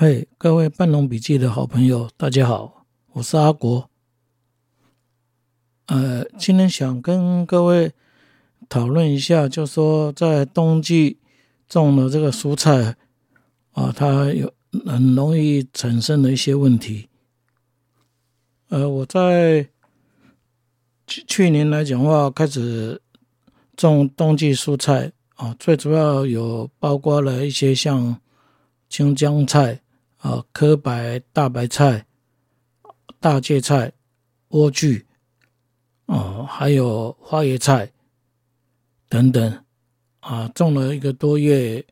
嘿，各位半農筆記的好朋友，大家好，我是阿國。呃，今天想跟各位討論一下，就說在冬季種了這個蔬菜啊，它有很容易產生的一些問題。呃，我在去去年來講的話開始種冬季蔬菜啊，最主要有包括了一些像青江菜。啊、呃，柯白大白菜、大芥菜、萵苣，啊、呃，還有花椰菜等等，啊、呃，種了一個多月，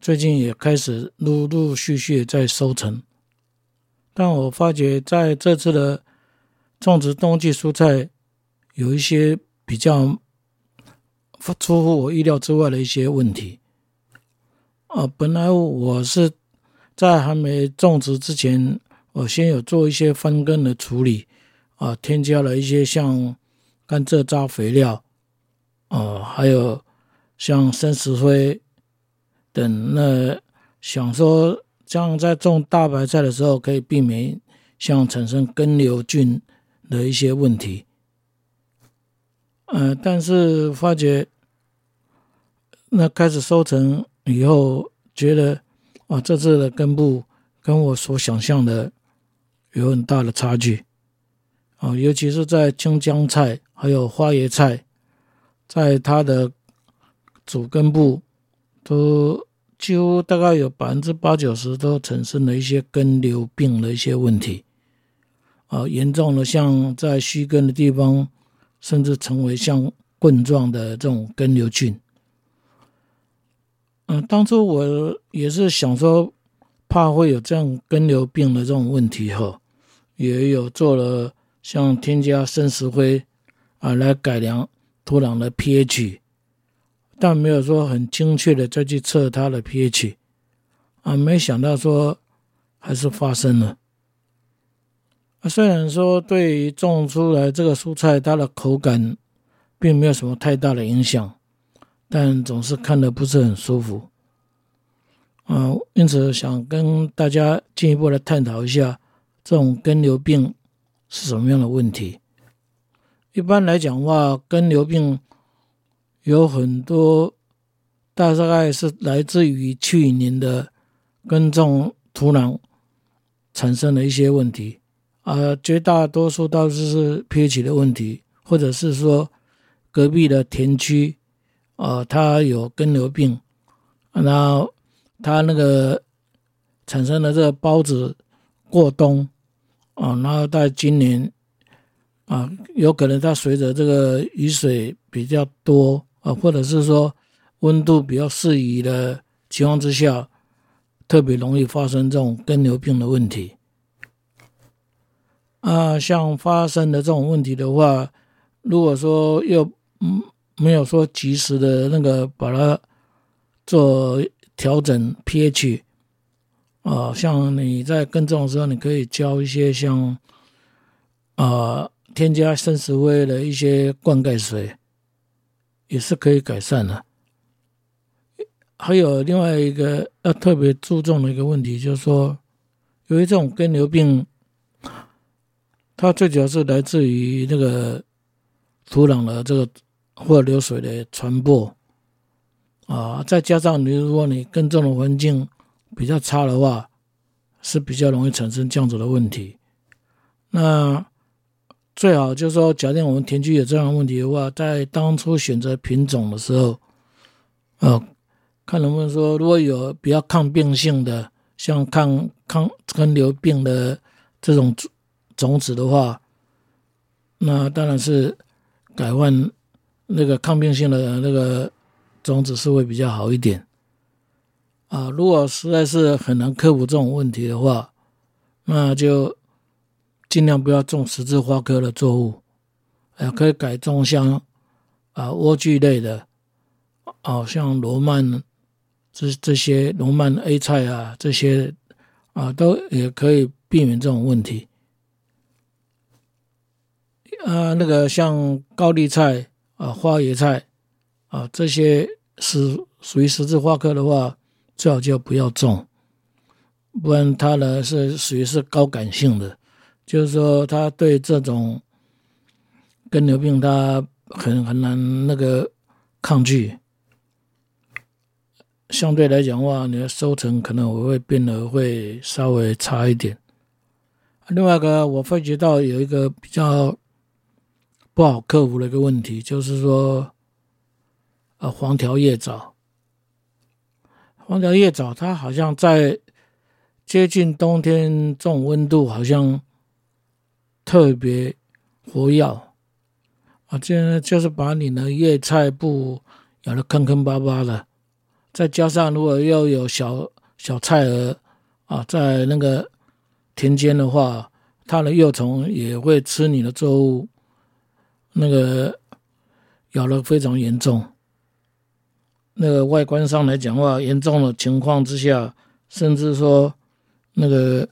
最近也開始陸陸續續在收成。但我發覺在這次的種植冬季蔬菜，有一些比較出乎我意料之外的一些問題。啊、呃，本來我是。在還沒種植之前，我先有做一些分根的處理，啊、呃，添加了一些像甘蔗渣肥料，啊、呃，還有像生石灰等，那想說這樣在種大白菜的時候可以避免像產生根瘤菌的一些問題。呃，但是發覺那開始收成以後，覺得。啊，這次的根部跟我所想象的有很大的差距啊，尤其是在青江菜還有花椰菜，在它的主根部都幾乎大概有百分之八九十都產生了一些根瘤病的一些問題啊，嚴重的像在鬚根的地方，甚至成為像棍狀的這種根瘤菌。嗯，啊，當初我也是想說，怕會有這樣根瘤病的這種問題哈，也有做了像添加生石灰啊，來改良土壤的 pH，但沒有說很精確的再去測它的 pH 啊，沒想到說還是發生了。啊，雖然說對於種出來這個蔬菜，它的口感並沒有什麼太大的影響。但總是看得不是很舒服，嗯、呃，因此想跟大家進一步來探討一下這種根瘤病是什麼樣的問題。一般來講的話，根瘤病有很多，大概是來自於去年的耕種土壤產生了一些問題，呃，絕大多數都是是 pH 的問題，或者是說隔壁的田區。呃，它有根瘤病，啊，然後它那個產生的這個孢子過冬，啊，然後在今年啊，有可能它隨着這個雨水比較多啊，或者是說溫度比較適宜的情況之下，特別容易發生這種根瘤病的問題。啊，像發生的這種問題的話，如果說要嗯。沒有說及時的那個把它做調整 pH 啊、呃，像你在耕種的時候，你可以澆一些像啊、呃、添加生石灰的一些灌溉水，也是可以改善的，啊。還有另外一個要特別注重的一個問題，就是說，由於這種根瘤病，它最主要是來自於那個土壤的這個。或者流水的傳播，啊，再加上你，如果你耕種的環境比較差的話，是比較容易產生降子的問題。那最好就是說，假定我們田區有這樣的問題的話，在當初選擇品種的時候，呃、啊，看能不能說如果有比較抗病性的，像抗抗根瘤病的這種種種子的話，那當然是改換。那個抗病性的那個種子是會比較好一點啊。如果實在是很難克服這種問題的話，那就盡量不要種十字花科的作物，啊，可以改種像啊萵苣類的，啊，像羅曼這這些羅曼 A 菜啊，這些啊都也可以避免這種問題。啊，那個像高麗菜。啊，花椰菜，啊，這些是屬於十字花科的話，最好就不要種，不然它呢是屬於是高感性的，就是說它對這種根瘤病它很很難那個抗拒，相對來講的話，你的收成可能我會變得會稍微差一點。另外一個我發覺到有一個比較。不好克服的一個問題就是說，呃，黃條葉蚤，黃條葉蚤它好像在接近冬天這種溫度，好像特別活躍啊，就就是把你的葉菜部咬得坑坑巴巴的。再加上如果又有小小菜蛾啊，在那個田間的話，它的幼蟲也會吃你的作物。那個咬了非常嚴重，那個外觀上來講的話，嚴重的情況之下，甚至說那個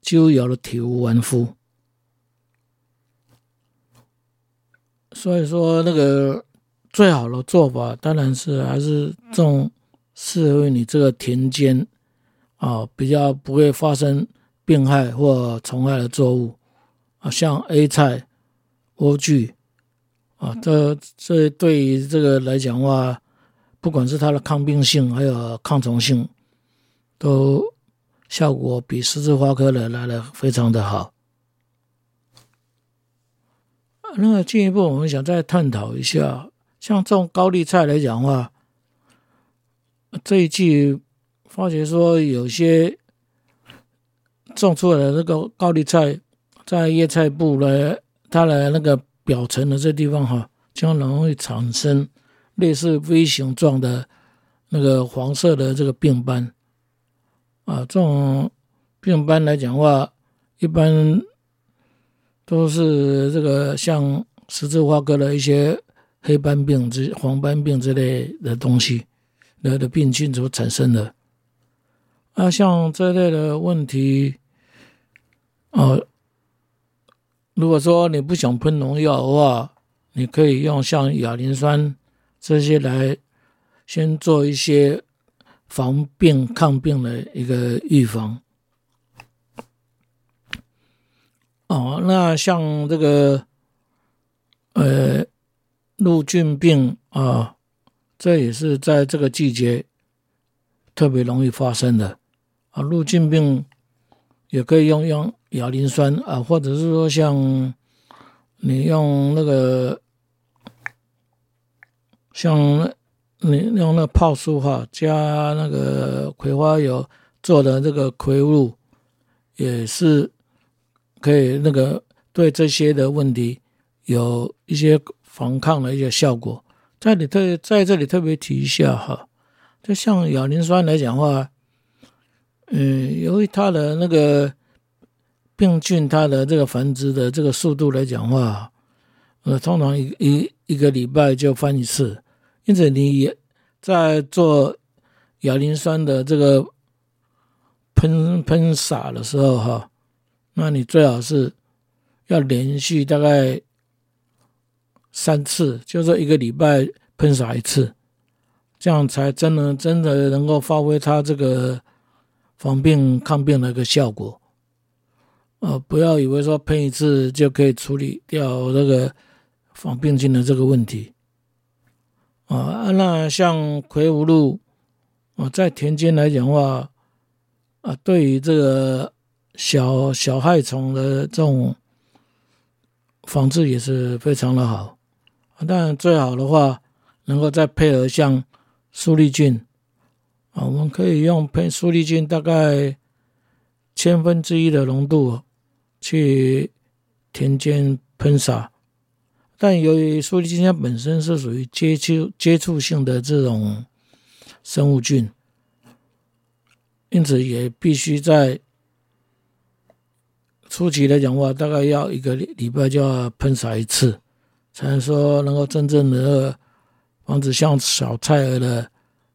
就咬的體無完膚。所以說，那個最好的做法，當然是還是種適合於你這個田間啊，比較不會發生病害或蟲害的作物啊，像 A 菜。萵苣啊，這這對於這個來講的話，不管是它的抗病性，還有抗蟲性，都效果比十字花科的來的非常的好。那麼、個、進一步，我們想再探討一下，像種高麗菜來講的話，這一季發覺說有些種出來的那個高麗菜，在葉菜部呢。它的那個表層的這地方哈，經常容易產生類似 V 型狀的那個黃色的這個病斑啊。這種病斑來講的話，一般都是這個像十字花科的一些黑斑病之黃斑病之類的東西的的病菌所產生的。啊，像這類的問題，哦、啊。如果說你不想噴農藥的話，你可以用像亞磷酸這些來先做一些防病、抗病的一個預防。哦，那像這個，呃，露菌病啊，這也是在這個季節特別容易發生的啊。露菌病也可以用用。亞磷酸啊，或者是說像你用那個，像那你用那泡蘇哈加那個葵花油做的這個葵露，也是可以那個對這些的問題有一些防抗的一些效果。在你特在這裡特別提一下哈，就像亞磷酸來講的話，嗯，由於它的那個，病菌它的這個繁殖的這個速度來講的話，呃，通常一一一個禮拜就翻一次。因此，你也在做亞磷酸的這個噴噴灑的時候，哈，那你最好是要連續大概三次，就是一個禮拜噴灑一次，這樣才真的真的能夠發揮它這個防病抗病的一個效果。呃、哦，不要以為說噴一次就可以處理掉那個防病菌的這個問題啊。那像葵無露啊，在田間來講的話啊，對於這個小小害蟲的這種防治也是非常的好啊。當然，最好的話能夠再配合像蘇力菌啊，我們可以用噴蘇力菌大概千分之一的濃度。去田間噴灑，但由於蘇力菌本身是屬於接觸接觸性的這種生物菌，因此也必須在初期來講的話，大概要一個禮拜就要噴灑一次，才能說能夠真正的防止像小菜蛾的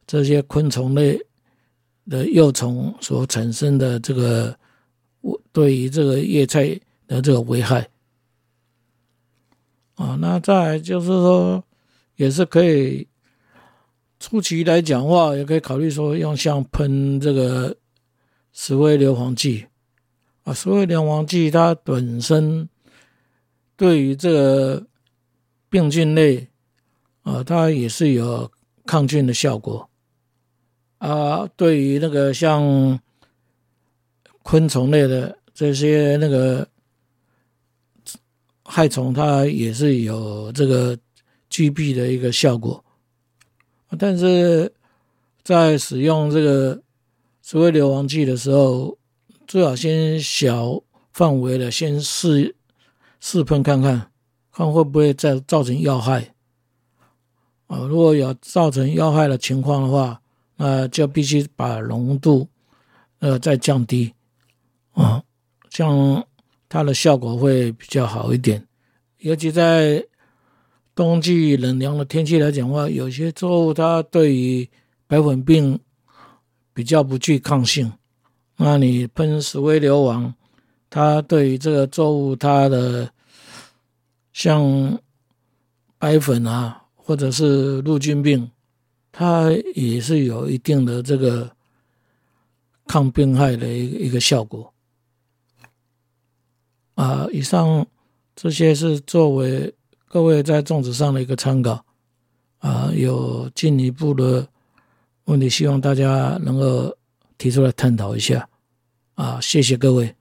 這些昆蟲類的幼蟲所產生的這個。我對於這個葉菜的這個危害啊，那再來就是說，也是可以初期來講的話，也可以考慮說用像噴這個石灰硫磺劑啊，石灰硫磺劑它本身對於這個病菌類啊，它也是有抗菌的效果啊，對於那個像。昆蟲類的這些那個害蟲，它也是有這個擊斃的一個效果，但是在使用這個所謂硫磺劑的時候，最好先小範圍的先試試噴看看，看會不會再造成要害啊。如果有造成要害的情況的話，那就必須把濃度呃再降低。啊、哦，像它的效果會比較好一點，尤其在冬季冷涼的天氣來講的話，有些作物它對於白粉病比較不具抗性，那你噴石灰硫磺，它對於這個作物它的像白粉啊，或者是露菌病，它也是有一定的這個抗病害的一一個效果。啊，以上這些是作為各位在種植上的一個參考。啊，有進一步的問題，希望大家能夠提出來探討一下。啊，謝謝各位。